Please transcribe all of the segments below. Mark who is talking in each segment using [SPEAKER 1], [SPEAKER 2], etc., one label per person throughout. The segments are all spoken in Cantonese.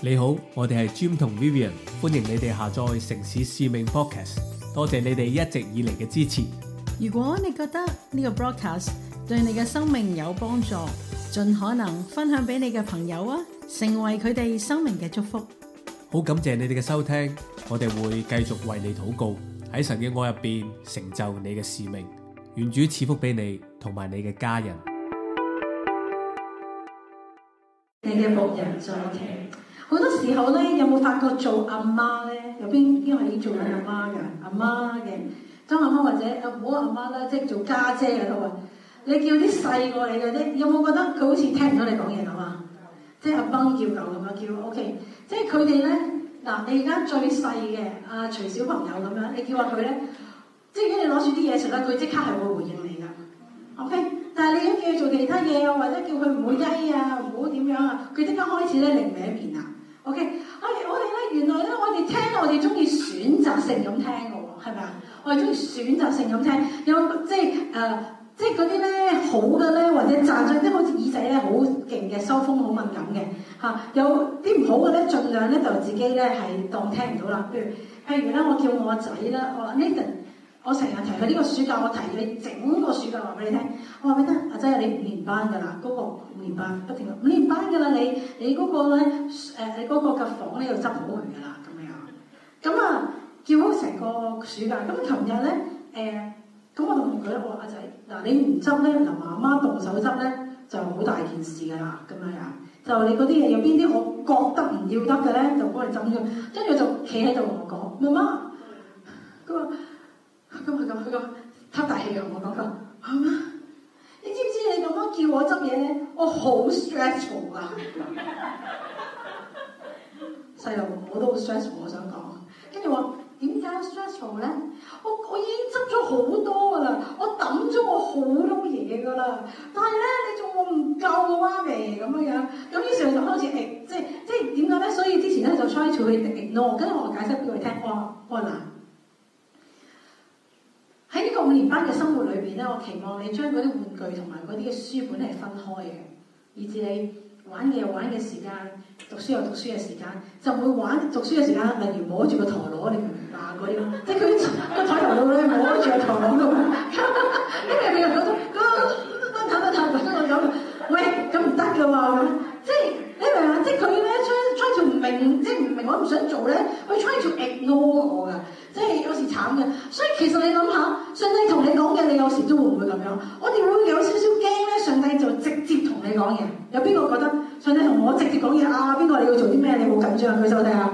[SPEAKER 1] 你好，我哋係 Jim 同 Vivian，歡迎你哋下載城市使命 Podcast。多謝你哋一直以嚟嘅支持。如果你覺得呢個 Broadcast 對你嘅生命有幫助，盡可能分享俾你嘅朋友啊，成為佢哋生命嘅祝福。好感謝你哋嘅收聽，我哋會繼續為你禱告，喺神嘅愛入邊成就你嘅使命，願主賜福俾你同埋你嘅家人。你嘅僕人在聽。
[SPEAKER 2] 好多時候咧，
[SPEAKER 1] 有冇發覺做阿媽咧，有邊邊位已經做緊阿媽㗎？阿媽嘅，當阿媽或者阿唔好阿媽啦，即係做家姐嘅都話，你叫啲細過你嘅啫，有冇覺得佢好似聽唔到你講嘢咁啊？即係阿崩叫狗咁樣叫，OK。即係佢哋咧，嗱，你而家最細嘅啊，隨小朋友咁樣，你叫下佢咧，即係如果你攞住啲嘢食咧，佢即刻係會回應你噶。OK。但係你如果叫佢做其他嘢啊，或者叫佢唔好曳啊，唔好點樣啊，佢即刻開始咧，另覓一面啦。O K，唉，我哋咧，原來咧，我哋聽，我的聽的，我哋中意選擇性咁聽嘅喎，係咪啊？我哋中意選擇性咁聽，有即係誒，即係嗰啲咧好嘅咧，或者賺咗啲好似耳仔咧好勁嘅，收風好敏感嘅嚇，啊，有啲唔好嘅咧，儘量咧就自己咧係當聽唔到啦。譬如譬如咧，我叫我仔咧，我話 Nathan。我成日提佢呢個暑假，我提你整個暑假話俾你聽。我話俾你聽，阿仔你五年班㗎啦，嗰、嗰個五年班不停講五年班㗎啦，你你嗰個咧誒，你嗰個嘅房呢，呃、房要執好佢㗎啦，咁樣。咁啊叫好成個暑假。咁、嗯嗯、琴日咧誒，咁、呃、我就同佢咧，我話阿仔嗱你唔執咧，由媽媽動手執咧就好大件事㗎啦，咁樣啊。就你嗰啲嘢有邊啲我覺得唔要得嘅咧，就幫你執咗。跟住就企喺度同我講，媽媽，佢、嗯、話。嗯嗯咁佢咁佢講，吸大氣啊！我講佢，係、嗯、嗎？你知唔知你咁樣叫我執嘢咧？我好 stressful 啊！細路我都好 stressful，我想講。跟住話點解 stressful 咧？我我已經執咗好多噶啦，我揼咗我好多嘢噶啦，但係咧你仲我唔夠嘅話咪，咁嘅樣？咁於是就開始誒，即係即係點解咧？所以之前咧就 try to ignore，跟住我解釋俾佢聽，哇，好、呃、難。呃喺呢個五年班嘅生活裏邊咧，我期望你將啲玩具同埋啲嘅書本係分開嘅，以至你玩嘅玩嘅時間，讀書又讀書嘅時間，就會玩讀書嘅時間，例如摸住個陀螺，你明唔明白嗰啲？即係佢個台頭度咧摸住個陀螺度，因為佢又嗰種、嗰個、嗰、嗰個唞唞唞咁，喂，咁唔得嘅喎，即係你明啊，即係佢咧。唔明即係唔明，就是、明我唔想做咧，佢 try to ignore 我噶，即係有時慘嘅。所以其實你諗下，上帝同你講嘅，你有時都會唔會咁樣？我哋會有少少驚咧。上帝就直接同你講嘢，有邊個覺得上帝同我直接講嘢啊？邊個你要做啲咩？你好緊張，佢就睇下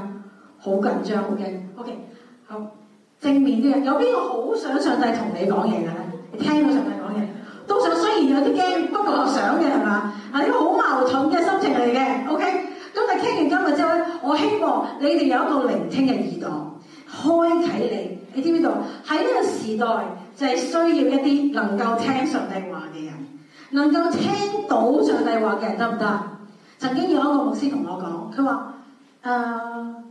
[SPEAKER 1] 好緊張，好驚。OK，好正面啲嘅，有邊個好想上帝同你講嘢嘅咧？你聽到上帝講嘢，都想，雖然有啲驚，不過我想嘅係嘛？啊，一個好矛盾嘅心情嚟嘅。OK。咁啊，傾完今日之後咧，我希望你哋有一個聆聽嘅耳朵，開啟你。你知唔知道？喺呢個時代，就係、是、需要一啲能夠聽上帝話嘅人，能夠聽到上帝話嘅人得唔得？曾經有一個牧師同我講，佢話：誒、呃，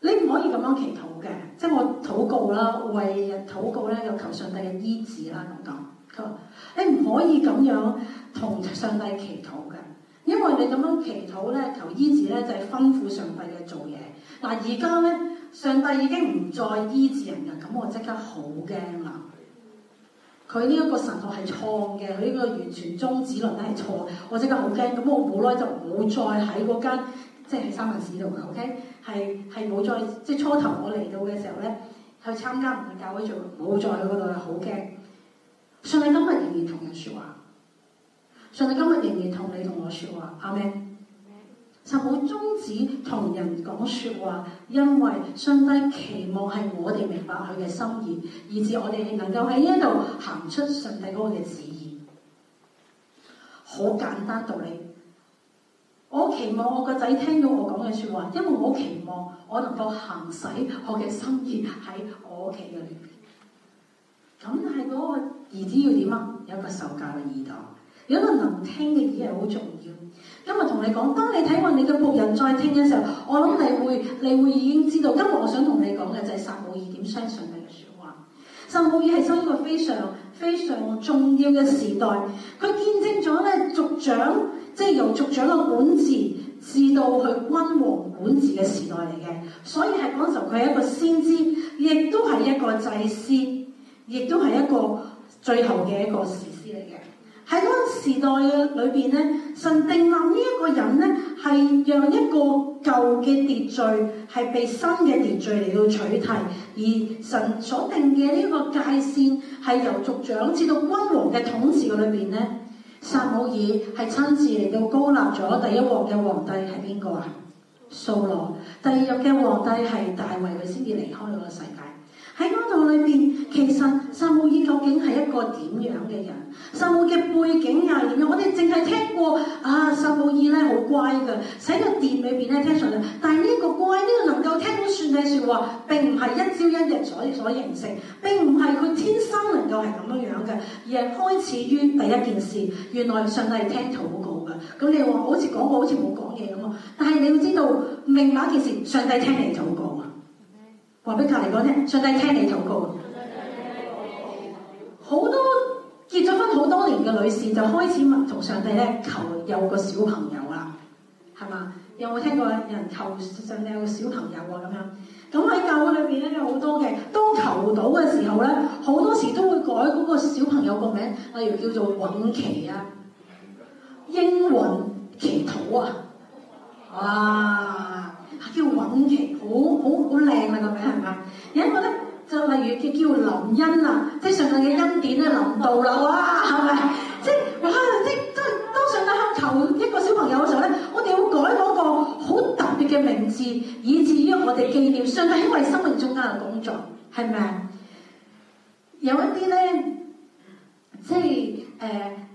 [SPEAKER 1] 你唔可以咁樣祈禱嘅，即係我禱告啦，為人禱告咧，又求上帝嘅醫治啦，咁講。佢話：你唔可以咁樣同上帝祈禱嘅。我哋咁樣祈禱咧，求醫治咧，就係、是、吩咐上帝嘅做嘢。嗱、啊，而家咧，上帝已經唔再醫治人噶，咁我即刻好驚啦。佢呢一個神學係錯嘅，佢呢個完全終止論都係錯。我即刻好驚，咁我冇耐就冇再喺嗰間，即係喺三文市度。OK，係係冇再，即係初頭我嚟到嘅時候咧，去參加唔同教會做，冇再去嗰度啦，好驚。上帝今日仍然同人說話。上帝今日仍然同你同我說話，阿妹，就好終止同人講說話，因為上帝期望係我哋明白佢嘅心意，以至我哋能夠喺呢一度行出上帝嗰個嘅旨意。好簡單道理，我期望我個仔聽到我講嘅說話，因為我期望我能夠行使我嘅心意喺我屋企嘅裏面，咁係嗰個兒子要點啊？有一個受教嘅耳朵。有一個能聽嘅耳係好重要。今日同你講，當你睇過你嘅僕人在聽嘅時候，我諗你會你會已經知道。今日我想同你講嘅就係撒母耳點相信你嘅説話。撒母耳係生喺一個非常非常重要嘅時代，佢見證咗咧族長，即係由族長嘅管治至到去君王管治嘅時代嚟嘅，所以係嗰時候佢係一個先知，亦都係一個祭司，亦都係一個最後嘅一個士師嚟嘅。喺嗰個時代嘅裏邊咧，神定立呢一個人咧，係讓一個舊嘅秩序係被新嘅秩序嚟到取替，而神所定嘅呢一個界線係由族長至到君王嘅統治嘅裏邊咧，撒母耳係親自嚟到高立咗第一王嘅皇帝係邊個啊？掃羅，第二日嘅皇帝係大衛，佢先至離開咗個世界。喺嗰度裏邊，其實撒母耳究竟係一個點樣嘅人？撒母耳嘅背景又係點樣？原來我哋淨係聽過啊，撒母耳咧好乖嘅，喺個殿裏邊咧聽上帝。但係呢個乖，呢個能夠聽到上帝説話，並唔係一朝一日所所形成，並唔係佢天生能夠係咁樣樣嘅，而係開始於第一件事。原來上帝聽禱告㗎。咁你好好話好似講過好似冇講嘢咁啊？但係你要知道，明白一件事，上帝聽你禱告。話俾隔籬講聽，上帝聽你禱告好、嗯、多結咗婚好多年嘅女士就開始同上帝咧求有個小朋友啦，係嘛？有冇有聽過有人求上帝有個小朋友啊咁樣？咁喺教會裏邊咧有好多嘅，都求到嘅時候咧，好多時都會改嗰個小朋友個名，例如叫做允琪啊、英穩祈禱啊，哇！叫允琪。哦、好好好靚啊，咁樣係咪？有一個咧，就例如叫叫林恩啊，即係上帝嘅恩典咧，林道柳啊，係咪？即係哇！即都都上緊求一個小朋友嘅時候咧，我哋會改嗰個好特別嘅名字，以至於我哋紀念上帝喺我哋生命中間嘅工作，係咪？有一啲咧，即係。誒誒、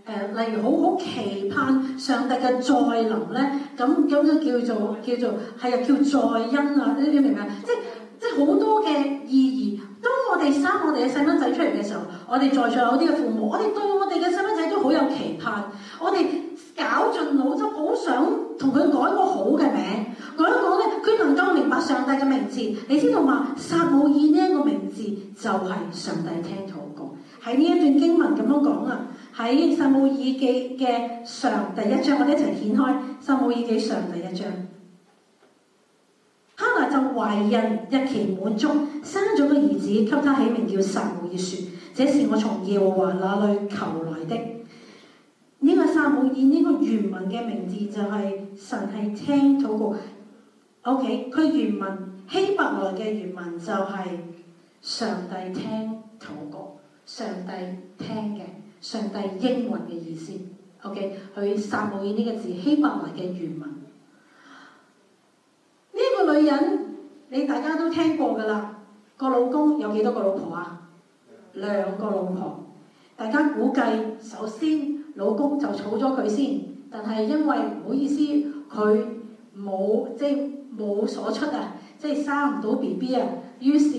[SPEAKER 1] 呃，例如好好期盼上帝嘅再臨咧，咁咁樣叫做叫做係啊，叫再恩啊，你明唔明？即即好多嘅意義。當我哋生我哋嘅細蚊仔出嚟嘅時候，我哋在座有啲嘅父母，我哋對我哋嘅細蚊仔都好有期盼，我哋搞盡腦汁，好想同佢改個好嘅名。講一講咧，佢能夠明白上帝嘅名字，你知道嘛？撒母耳呢一個名字就係上帝聽咗過喺呢一段經文咁樣講啊。喺撒母耳記嘅上第一章，我哋一齊掀開撒母耳記上第一章。哈拿就懷孕，日期滿足，生咗個兒子，給他起名叫撒母耳說：這是我從耶和華那裏求來的。呢、這個撒母耳呢、這個原文嘅名字就係神係聽禱告。OK，佢原文希伯來嘅原文就係上帝聽禱告，上帝聽嘅。上帝英文嘅意思，OK？佢撒母耳呢個字希伯來嘅原文。呢、這個女人，你大家都聽過㗎啦。個老公有幾多個老婆啊？兩個老婆。大家估計，首先老公就儲咗佢先，但係因為唔好意思，佢冇即係冇所出啊，即係生唔到 B B 啊，於是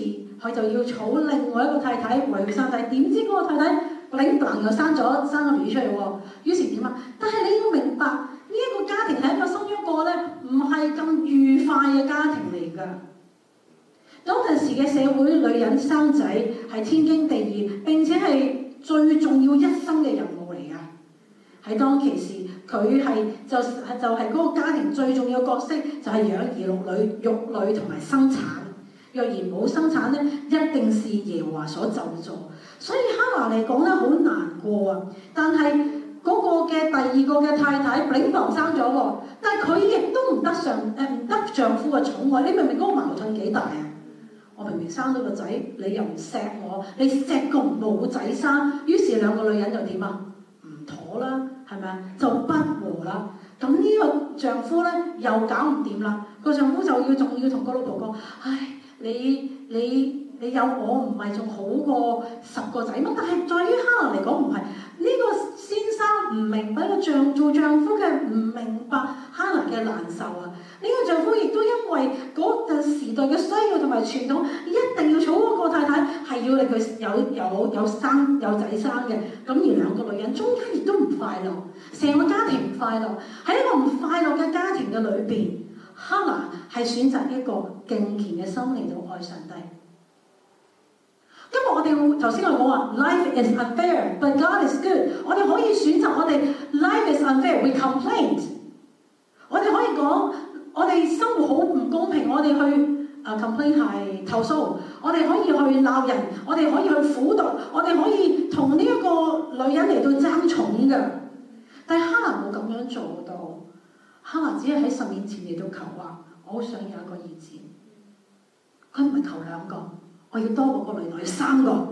[SPEAKER 1] 佢就要儲另外一個太太為佢生仔。點知嗰個太太？擰擰又生咗生個女出嚟喎，於是點啊？但係你要明白呢一、這個家庭一個生約過呢唔係咁愉快嘅家庭嚟㗎。嗰陣時嘅社會，女人生仔係天經地義，並且係最重要一生嘅任務嚟㗎。喺當其時，佢係就係、是、就係、是、嗰個家庭最重要嘅角色，就係養兒育女、育女同埋生產。若然冇生產呢，一定是耶和華所咒詛。所以哈拿嚟講呢好難過啊，但係嗰個嘅第二個嘅太太丙房生咗個，但係佢亦都唔得上，誒唔得丈夫嘅寵愛，你明唔明嗰個矛盾幾大啊？我明明生咗個仔，你又唔錫我，你錫個冇仔生，於是兩個女人就點啊？唔妥啦，係咪啊？就不和啦。咁呢個丈夫呢，又搞唔掂啦，個丈夫就要仲要同個老婆講，唉，你你。你有我唔係仲好過十個仔乜？但係對於哈拿嚟講唔係呢個先生唔明白，做丈夫嘅唔明白，這個丈夫嘅唔明白哈拿嘅難受啊！呢個丈夫亦都因為嗰陣時代嘅需要同埋傳統，一定要娶嗰個太太係要令佢有有有生有仔生嘅。咁而兩個女人中間亦都唔快樂，成個家庭唔快樂。喺一個唔快樂嘅家庭嘅裏邊，哈拿係選擇一個敬虔嘅心嚟到愛上帝。今日我哋頭先我講話，life is unfair，but God is good。我哋可以選擇我哋 life is unfair，we complain。我哋可以講，我哋生活好唔公平，我哋去、uh, complain 係投訴。我哋可以去鬧人，我哋可以去苦毒，我哋可以同呢一個女人嚟到爭寵嘅。但係哈拿冇咁樣做到，哈拿只係喺十年前嚟到求話、啊，我好想有一個兒子。佢唔係求兩個。我要多過個原來三個，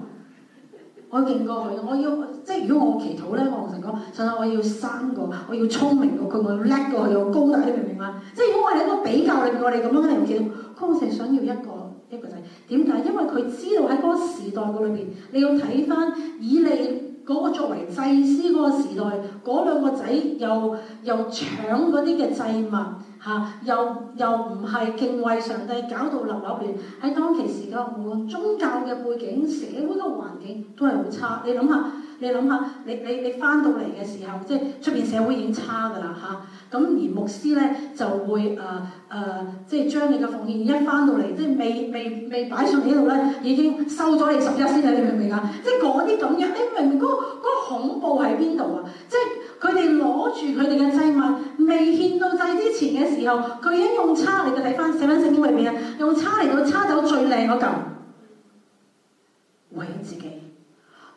[SPEAKER 1] 我勁過佢，我要即係如果我祈禱呢，我同神講，神啊，我要三個，我要聰明過佢，我要叻過佢，我高大，你明唔明啊？即係如果我喺嗰個比較令邊，你我哋咁樣，你唔見到康成想要一個一個仔，點解？因為佢知道喺嗰個時代嘅裏邊，你要睇翻以你。嗰個作為祭司嗰個時代，嗰兩個仔又又搶嗰啲嘅祭物，嚇又又唔係敬畏上帝，搞到立立亂。喺當其時間，無論宗教嘅背景、社會嘅環境都係好差。你諗下，你諗下，你你你翻到嚟嘅時候，即係出面社會已經差㗎啦，嚇。咁而牧師呢，就會誒誒、呃呃，即係將你嘅奉獻一翻到嚟，即係未未未擺上嚟嗰度呢，已經收咗你十一先啦，你明唔明啊？即係嗰啲咁樣，因為。邊度啊？即係佢哋攞住佢哋嘅祭物，未獻到祭之前嘅時候，佢已經用叉嚟到睇翻聖經裏邊啊，用叉嚟到叉走最靚嗰嚿，為咗自己。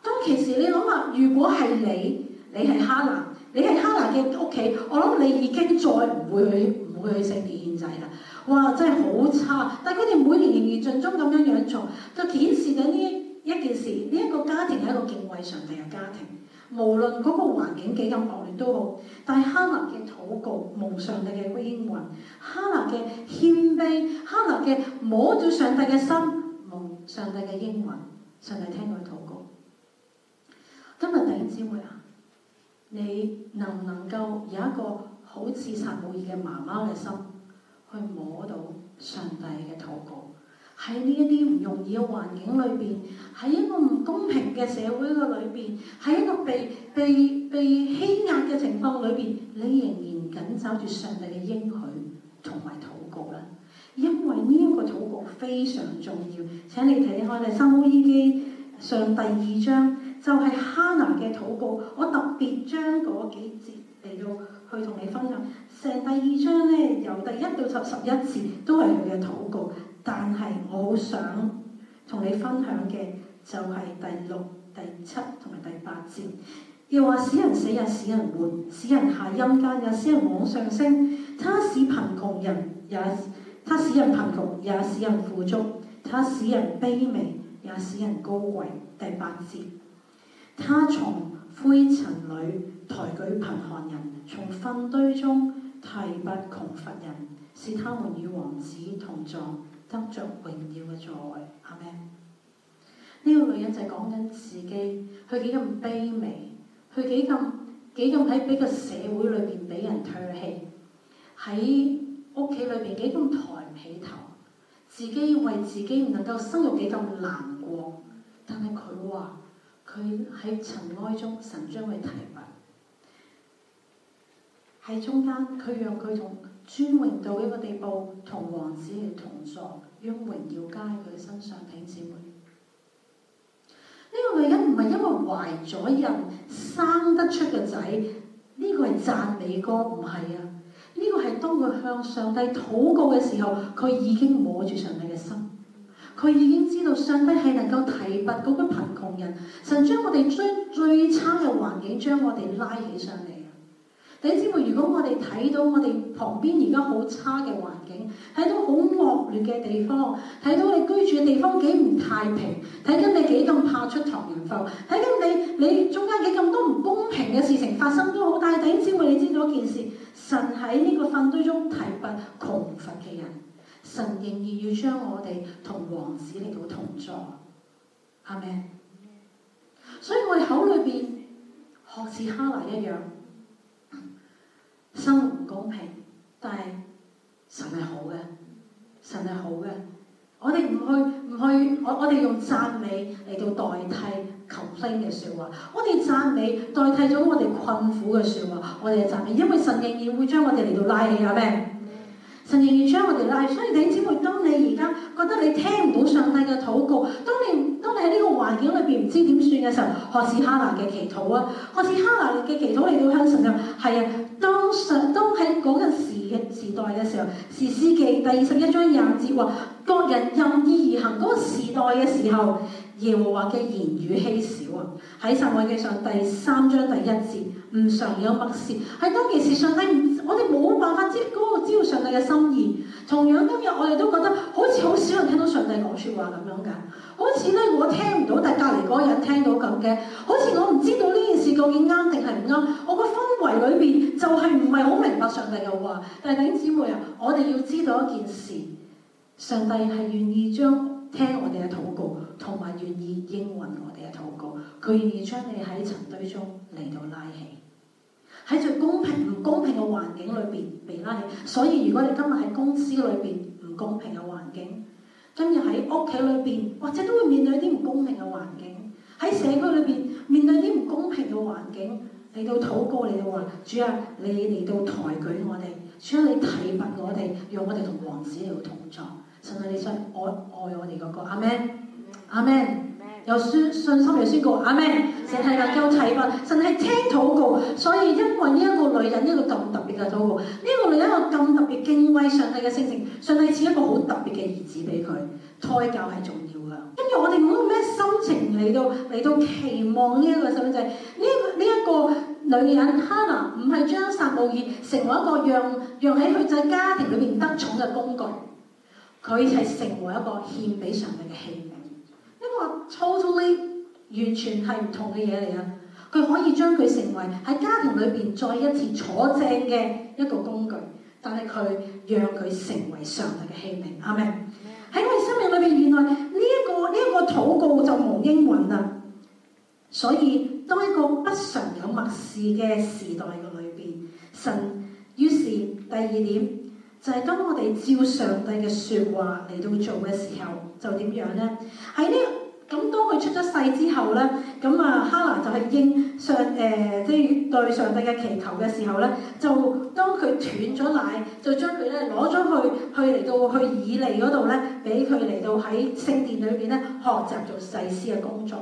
[SPEAKER 1] 咁其實你諗下，如果係你，你係哈拿，你係哈拿嘅屋企，我諗你已經再唔會去唔會去聖殿獻祭啦。哇！真係好差，但係佢哋每年仍然盡忠咁樣樣做，就顯示緊呢一件事。呢一個家庭係一個敬畏上帝嘅家庭。無論個環境幾咁惡劣都好，但係哈拿嘅禱告，蒙上帝嘅應允；哈拿嘅謙卑，哈拿嘅摸到上帝嘅心，蒙上帝嘅應允，上帝聽佢禱告。今日弟兄姊妹啊，你能唔能夠有一個好似撒母耳嘅媽媽嘅心，去摸到上帝嘅禱告？喺呢一啲唔容易嘅環境裏邊，喺一個唔公平嘅社會嘅裏邊，喺一個被被被欺壓嘅情況裏邊，你仍然緊守住上帝嘅應許同埋禱告啦。因為呢一個禱告非常重要。請你睇開《撒母耳記》上第二章，就係哈拿嘅禱告。我特別將嗰幾節嚟到去同你分享。成第二章呢，由第一到十十一節都係佢嘅禱告。但係我好想同你分享嘅就係第六、第七同埋第八節。又話使人死也使人活；使人下陰間，也使人往上升。他使貧窮人也他使人貧窮，也使人富足；他使人卑微，也使人高貴。第八節，他從灰塵裏抬舉貧寒人，從糞堆中提拔窮乏人，使他們與王子同坐。得着榮耀嘅座位，係咪？呢個女人就係講緊自己，佢幾咁卑微，佢幾咁幾咁喺俾個社會裏邊俾人唾棄，喺屋企裏邊幾咁抬唔起頭，自己為自己唔能夠生育幾咁難過，但係佢話佢喺塵埃中，神將佢提拔。喺中間，佢讓佢同。尊榮到一個地步，同王子嚟，同坐，擁榮耀加喺佢身上，弟兄姊妹。呢個女人唔係因為懷咗孕生得出個仔，呢個係讚美歌，唔係啊！呢個係當佢向上帝禱告嘅時候，佢已經摸住上帝嘅心，佢已經知道上帝係能夠提拔嗰個貧窮人，神將我哋將最，最差嘅環境將我哋拉起上嚟。你知唔知？如果我哋睇到我哋旁邊而家好差嘅環境，睇到好惡劣嘅地方，睇到你居住嘅地方幾唔太平，睇緊你幾咁怕出唐人埠，睇緊你你中間幾咁多唔公平嘅事情發生都好，但係頂之輩，你知道一件事，神喺呢個糞堆中提拔窮乏嘅人，神仍然要將我哋同王子嚟到同坐，係咪？所以我哋口裏邊學似哈拿一樣。生活唔公平，但係神係好嘅，神係好嘅。我哋唔去唔去，我我哋用讚美嚟到代替 complain 嘅說話，我哋讚美代替咗我哋困苦嘅說話，我哋嘅讚美，因為神仍然會將我哋嚟到拉起啊，咩？神仍然將我哋拉起。所以弟兄姊妹當你而家覺得你聽唔到上帝嘅禱告，當你當你喺呢個環境裏邊唔知點算嘅時候，學習哈拿嘅祈禱啊？學習哈拿嘅祈禱你到向神啊？係啊，當。常都喺嗰陣時嘅時代嘅時候，士師記第二十一章廿節話，各人任意而行。嗰、那個時代嘅時候，耶和華嘅言語稀少啊。喺撒母耳記上第三章第一節，唔常有默示。喺當其時，上帝唔，我哋冇辦法知嗰個，知道上帝嘅心意。同樣今日，我哋都覺得好似好少人聽到上帝講說話咁樣噶。好似咧，我聽唔到，但隔籬嗰個人聽到咁嘅。好似我唔知道呢件事究竟啱定係唔啱。我個氛圍裏邊就係唔係好明白上帝嘅話。但係弟兄姊妹啊，我哋要知道一件事，上帝係願意將聽我哋嘅禱告，同埋願意應允我哋嘅禱告。佢願意將你喺塵堆中嚟到拉起，喺最公平唔公平嘅環境裏邊被拉起。所以，如果你今日喺公司裏邊唔公平嘅環境，跟住喺屋企裏邊，或者都會面對啲唔公平嘅環境；
[SPEAKER 2] 喺社區
[SPEAKER 1] 裏邊面對啲唔公平嘅環境，嚟到禱告嚟到話：主啊，你嚟到抬舉我哋，主啊，你提拔我哋，讓我哋同王子嚟到同坐。神啊，你想愛愛我哋嗰、這個，amen，amen。阿有信信心有宣告，阿們，神係能夠睇憐，神係聽禱告，所以因為呢一個女人一個咁特別嘅禱告，呢個女人一個咁特別敬畏上帝嘅性情，上帝賜一個好特別嘅兒子俾佢，胎教係重要嘅。跟住我哋冇咩心情嚟到嚟到期望呢一個細蚊仔，呢呢一個女人，哈拿，唔係將撒母耳成為一個讓讓喺佢仔家庭裏面得寵嘅工具，佢係成為一個獻俾上帝嘅器我 totally 完全係唔同嘅嘢嚟啊！佢可以將佢成為喺家庭裏邊再一次坐正嘅一個工具，但係佢讓佢成為上帝嘅器皿。啱咪、嗯？喺我哋生命裏邊，原來呢、這、一個呢一、這個禱告就無應允啦。所以當一個不常有默示嘅時代嘅裏邊，神於是第二點就係、是、當我哋照上帝嘅說話嚟到做嘅時候，就點樣呢？喺呢？咁當佢出咗世之後呢，咁啊哈拿就係應上誒，即、呃、係、就是、對上帝嘅祈求嘅時候呢，就當佢斷咗奶，就將佢咧攞咗去去嚟到去以利嗰度呢，俾佢嚟到喺聖殿裏邊呢學習做祭司嘅工作。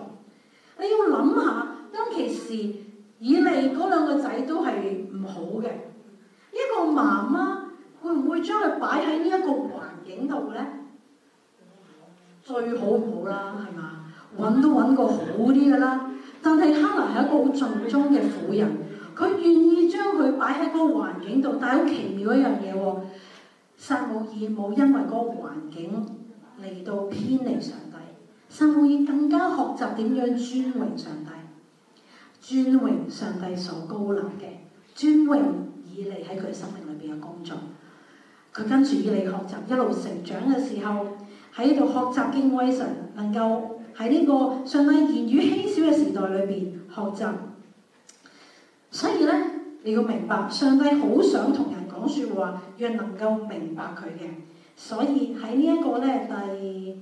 [SPEAKER 1] 你要諗下，當其時以利嗰兩個仔都係唔好嘅，一個媽媽會唔會將佢擺喺呢一個環境度呢？最好唔好啦，係嘛？揾都揾個好啲嘅啦，但係哈拿係一個好盡忠嘅婦人，佢願意將佢擺喺嗰個環境度。但係好奇妙一樣嘢喎，撒母耳冇因為嗰個環境嚟到偏離上帝，撒母耳更加學習點樣尊榮上帝，尊榮上帝所高能嘅，尊榮以利喺佢生命裏邊嘅工作。佢跟住以利學習一路成長嘅時候，喺度學習敬畏神，能夠。喺呢個上帝言語稀少嘅時代裏面學習，所以呢，你要明白上帝好想同人講説話，要能夠明白佢嘅。所以喺呢一個呢，第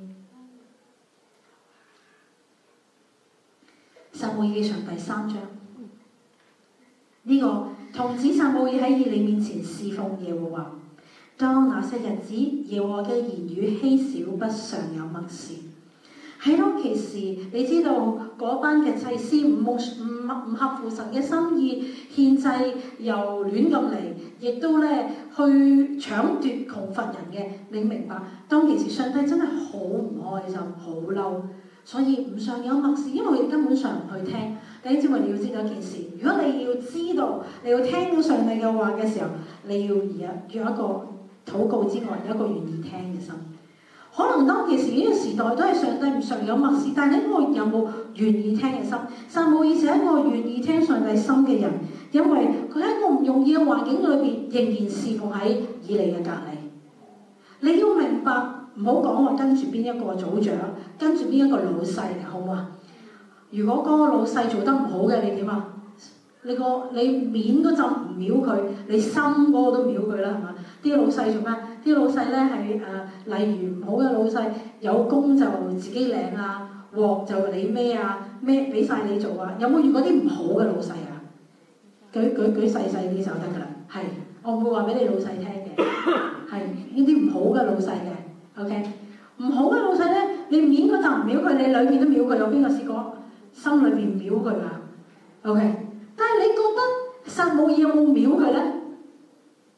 [SPEAKER 1] 撒母耳記上第三章呢，這個童子撒母耳喺以利面前侍奉耶和華，當那些日子耶和華嘅言語稀少，不常有默示。係咯，其時你知道嗰班嘅祭司唔牧，唔合乎神嘅心意，獻祭又亂咁嚟，亦都呢去搶奪窮乏人嘅，你明白？當其時上帝真係好唔開心，好嬲，所以唔想有默示，因為佢根本上唔去聽。弟兄姊妹，你要知道一件事，如果你要知道你要聽到上帝嘅話嘅時候，你要而有有一個禱告之外，有一個願意聽嘅心。可能當其時呢個時代都係上帝唔常有默示，但係喺你有冇願意聽嘅心？撒母耳係一個願意聽上帝心嘅人，因為佢喺一個唔容易嘅環境裏邊，仍然侍奉喺以利嘅隔籬。你要明白，唔好講話跟住邊一個組長，跟住邊一個老細，好唔好啊？如果嗰個老細做得唔好嘅，你點啊？你個你面都唔秒佢，你心嗰個都秒佢啦，係嘛？啲老細做咩？啲老細呢，係誒、啊，例如唔好嘅老細，有工就自己領啊，鑊就你咩啊咩俾晒你做啊。有冇遇過啲唔好嘅老細啊？舉舉舉細細啲就得㗎啦。係我唔會話俾你老細聽嘅，係呢啲唔好嘅老細嘅。OK，唔好嘅老細呢，你，你面都浸唔秒佢，你裏邊都秒佢，有邊個試過？心裏邊秒佢啊？OK。但冇嘢有冇藐佢呢？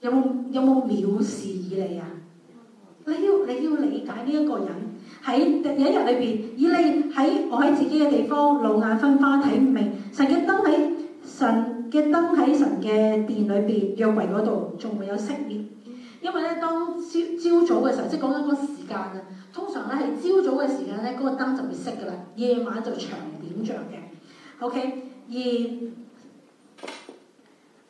[SPEAKER 1] 有冇有冇藐視以利啊？你要你要理解呢一個人喺第一日裏邊，以利喺我喺自己嘅地方，老眼昏花睇唔明。神嘅燈喺神嘅燈喺神嘅殿裏邊，約櫃嗰度仲未有熄滅。因為咧，當朝朝早嘅時候，即講緊嗰個時間啊，通常咧係朝早嘅時間呢，嗰、那個燈就會熄㗎喇。夜晚就長點着嘅。OK，而。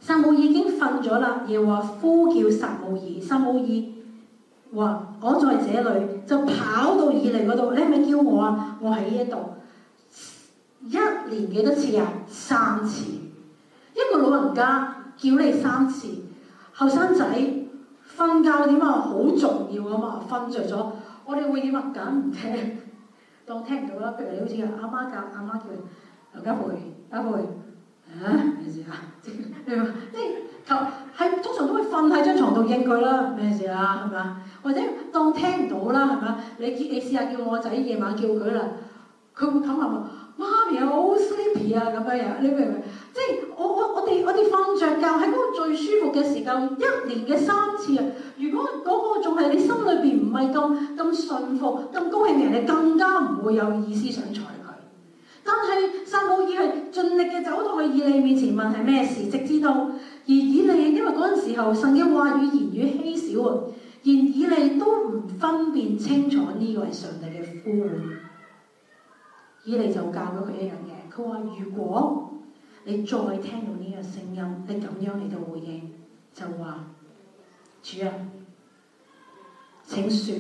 [SPEAKER 1] 撒母耳已經瞓咗啦，又話呼叫撒母耳，撒母耳話我，我、啊、我在這裏，就跑到以利嗰度，你係咪叫我啊？我喺呢一度，一年幾多次啊？三次，一個老人家叫你三次，後生仔瞓覺點啊？好重要啊嘛，瞓着咗，我哋會點啊？梗唔聽，當聽唔到啦。譬如你好似阿媽教，阿媽叫，阿媽會，阿媽會。媽媽啊，咩事啊？即係即係求係通常都會瞓喺張床度應佢啦。咩事啊？係咪啊？或者當聽唔到啦？係咪啊？你你試下叫我仔夜晚叫佢啦，佢會話媽咪啊，好 sleepy 啊咁樣樣。你明唔明？即係我我我哋我哋瞓着覺喺嗰個最舒服嘅時間，一年嘅三次啊。如果嗰個仲係你心裏邊唔係咁咁順服、咁高興嘅人，你更加唔會有意思想娶。但係撒母耳係盡力嘅走到去以利面前問係咩事，直至到而以利因為嗰陣時候神嘅話語言語稀少，而以利都唔分辨清楚呢個係上帝嘅呼喚。以利就教咗佢一樣嘢，佢話，如果你再聽到呢個聲音，你咁樣你就回應，就話，主啊，請說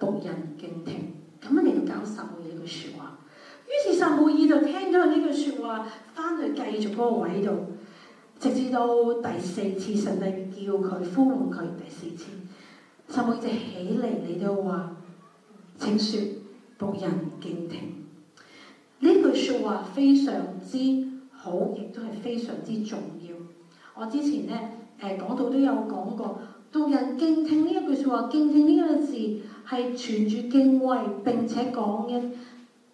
[SPEAKER 1] 僕人敬聽，咁樣嚟到教撒母耳呢句說話。於是撒母耳就聽咗呢句說話，翻去繼續嗰個位度，直至到第四次神第叫佢呼喚佢第四次，撒母耳就起嚟，你都話，請說，僕人敬聽。呢句說話非常之好，亦都係非常之重要。我之前呢誒、呃，講到都有講過，僕人敬聽呢一句說話，敬聽呢個字係存住敬畏，並且講嘅。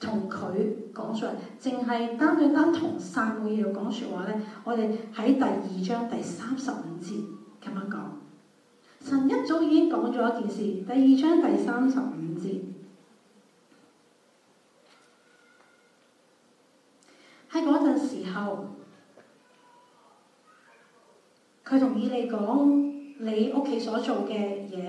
[SPEAKER 1] 同佢講出嚟，淨係單對單同撒母耳講説話呢。我哋喺第二章第三十五節咁樣講，神一早已經講咗一件事。第二章第三十五節喺嗰陣時候，佢同意你講你屋企所做嘅嘢，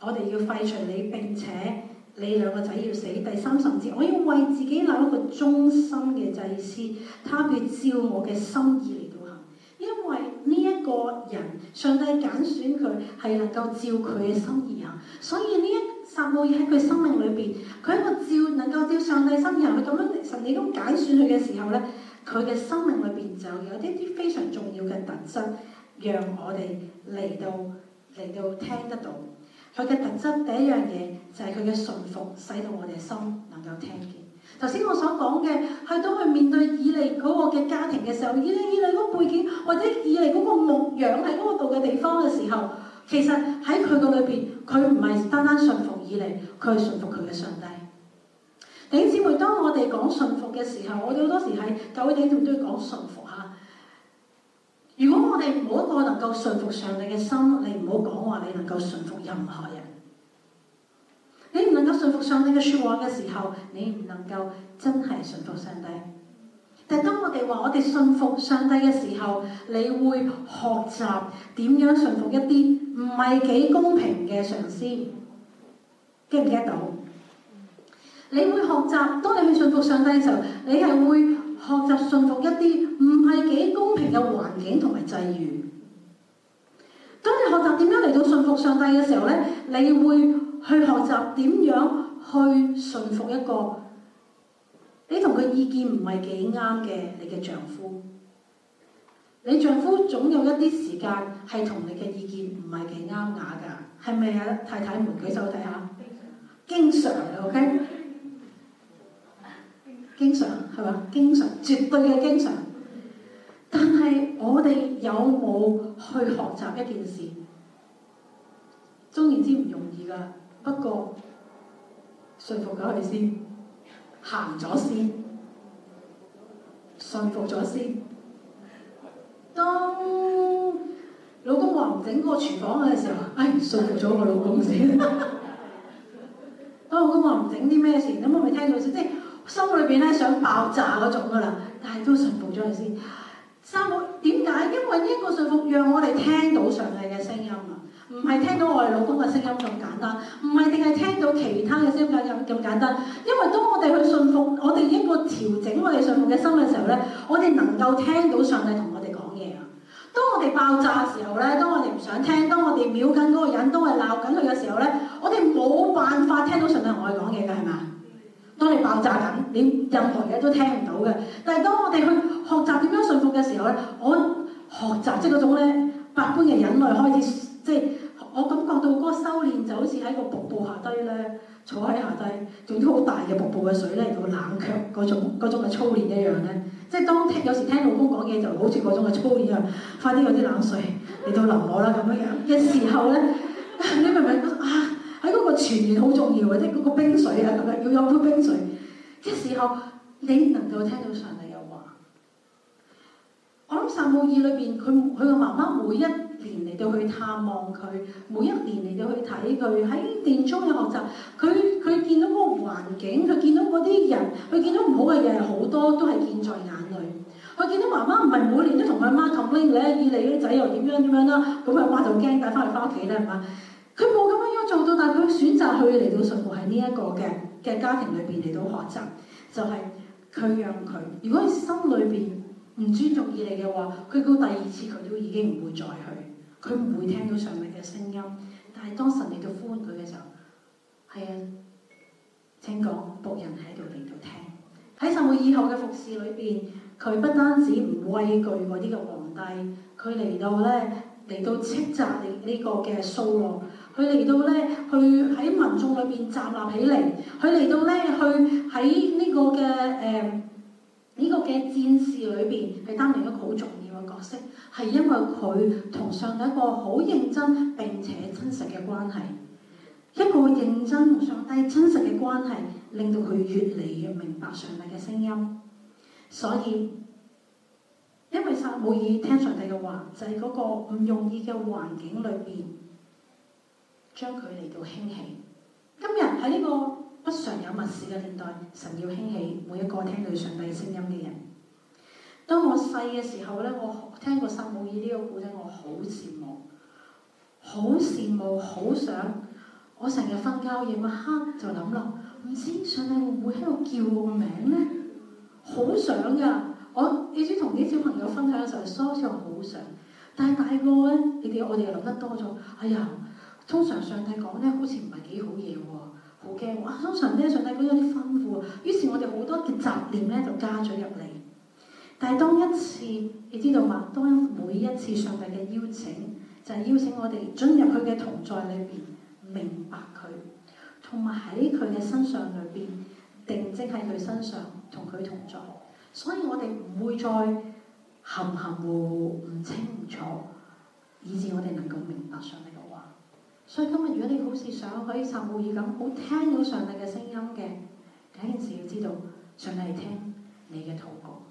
[SPEAKER 1] 我哋要廢除你並且。你兩個仔要死，第三甚至，我要為自己立一個忠心嘅祭司，他要照我嘅心意嚟到行。因為呢一個人，上帝揀選佢係能夠照佢嘅心意行，所以呢一撒母耳喺佢生命裏邊，佢一個照能夠照上帝心意行，佢咁樣，神已經揀選佢嘅時候呢，佢嘅生命裏邊就有一啲非常重要嘅特質，讓我哋嚟到嚟到聽得到。佢嘅特質第一樣嘢就係佢嘅順服，使到我哋心能夠聽見。頭先我所講嘅係到佢面對以嚟嗰個嘅家庭嘅時候，以嚟以嚟嗰個背景，或者以嚟嗰個牧養喺嗰個度嘅地方嘅時候，其實喺佢個裏邊，佢唔係單單順服以嚟，佢係順服佢嘅上帝。弟兄姊妹，當我哋講順服嘅時候，我哋好多時喺教會弟兄姊妹都講順服。如果我哋冇一個能夠順服上帝嘅心，你唔好講話你能夠順服任何人。你唔能夠順服上帝嘅說話嘅時候，你唔能夠真係順服上帝。但係當我哋話我哋順服上帝嘅時候，你會學習點樣順服一啲唔係幾公平嘅上司，驚唔驚到？你會學習，當你去順服上帝嘅時候，你係會。學習順服一啲唔係幾公平嘅環境同埋際遇。當你學習點樣嚟到順服上帝嘅時候咧，你會去學習點樣去順服一個你同佢意見唔係幾啱嘅你嘅丈夫。你丈夫總有一啲時間係同你嘅意見唔係幾啱雅噶，係咪啊？太太們舉手睇下，經常嘅，OK。經常係嘛？經常絕對嘅經常。但係我哋有冇去學習一件事？當然之唔容易㗎。不過說服咗佢先，行咗先，說服咗先。當老公話唔整嗰個廚房嘅時候，哎，說服咗我老公先。當老公話唔整啲咩事，咁我咪聽到先。即係。心裏邊咧想爆炸嗰種噶啦，但係都信服咗佢先。三點解？因為呢個信服讓我哋聽到上帝嘅聲音啊，唔係聽到我哋老公嘅聲音咁簡單，唔係淨係聽到其他嘅聲音咁簡單。因為當我哋去信服，我哋一個調整我哋信服嘅心嘅時候呢，我哋能夠聽到上帝同我哋講嘢啊。當我哋爆炸嘅時候呢，當我哋唔想聽，當我哋秒緊嗰個人都係鬧緊佢嘅時候呢，我哋冇辦法聽到上帝同我哋講嘢㗎，係嘛？當你爆炸緊，你任何嘢都聽唔到嘅。但係當我哋去學習點樣順服嘅時候呢，我學習即係嗰種呢百般嘅忍耐開始，即係我感覺到嗰個修練就好似喺個瀑布下低呢，坐喺下低，仲啲好大嘅瀑布嘅水呢，個冷卻嗰種嗰種嘅操練一樣呢，即係當聽有時聽老公講嘢就好似嗰種嘅操練啊，快啲有啲冷水嚟到淋我啦咁樣樣嘅時候呢，你明唔明？全年好重要，即係嗰個冰水啊，咁樣要有杯冰水。即時候，你能夠聽到上帝嘅話。我諗撒母耳裏邊，佢佢個媽媽每一年嚟到去探望佢，每一年嚟到去睇佢。喺殿中嘅學習，佢佢見到個環境，佢見到嗰啲人，佢見到唔好嘅嘢，好多，都係見在眼裏。佢見到媽媽唔係每年都同佢阿媽氹拎嚟，以嚟嗰啲仔又點樣點樣啦，咁阿媽，媽就驚，帶翻去翻屋企咧，係嘛？佢冇咁。做到，但佢選擇去嚟到神父喺呢一個嘅嘅家庭裏邊嚟到學習，就係、是、佢讓佢。如果佢心裏邊唔尊重以利嘅話，佢到第二次佢都已經唔會再去，佢唔會聽到上帝嘅聲音。但係當神嚟到呼喚佢嘅時候，係啊，請講，僕人喺度嚟到聽喺神父以後嘅服侍裏邊，佢不單止唔畏懼嗰啲嘅皇帝，佢嚟到呢，嚟到斥責你呢個嘅掃羅。佢嚟到呢，去喺民眾裏面站立起嚟；佢嚟到呢，去喺呢個嘅誒呢個嘅戰事裏邊係擔任一個好重要嘅角色，係因為佢同上帝一個好認真並且真實嘅關係。一個認真同上帝真實嘅關係，令到佢越嚟越明白上帝嘅聲音。所以，因為撒母耳聽上帝嘅話，就係嗰個唔容易嘅環境裏邊。將佢嚟到興起。今日喺呢個不常有默示嘅年代，神要興起每一個聽到上帝聲音嘅人。當我細嘅時候呢，我聽過撒母耳呢個故仔，我好羨慕，好羨慕，好想。我成日瞓覺夜晚黑就諗咯，唔知上帝會唔會喺度叫我個名呢？好想噶，我你知同啲小朋友分享嗰陣，初時好想，但係大個呢，你哋我哋又諗得多咗，哎呀～通常上帝講呢，好似唔係幾好嘢喎，好驚哇！通常呢，上帝都有啲吩咐，於是我哋好多嘅雜念呢，就加咗入嚟。但係當一次，你知道嘛？當每一次上帝嘅邀請，就係、是、邀請我哋進入佢嘅同在裏邊，明白佢，同埋喺佢嘅身上裏邊定睛喺佢身上，同佢同在。所以我哋唔會再含含糊糊、唔清唔楚，以致我哋能夠明白上帝。所以今日如果你好似想可以撒母耳咁，好聽到上帝嘅聲音嘅，第一件事要知道，上帝係聽你嘅禱告。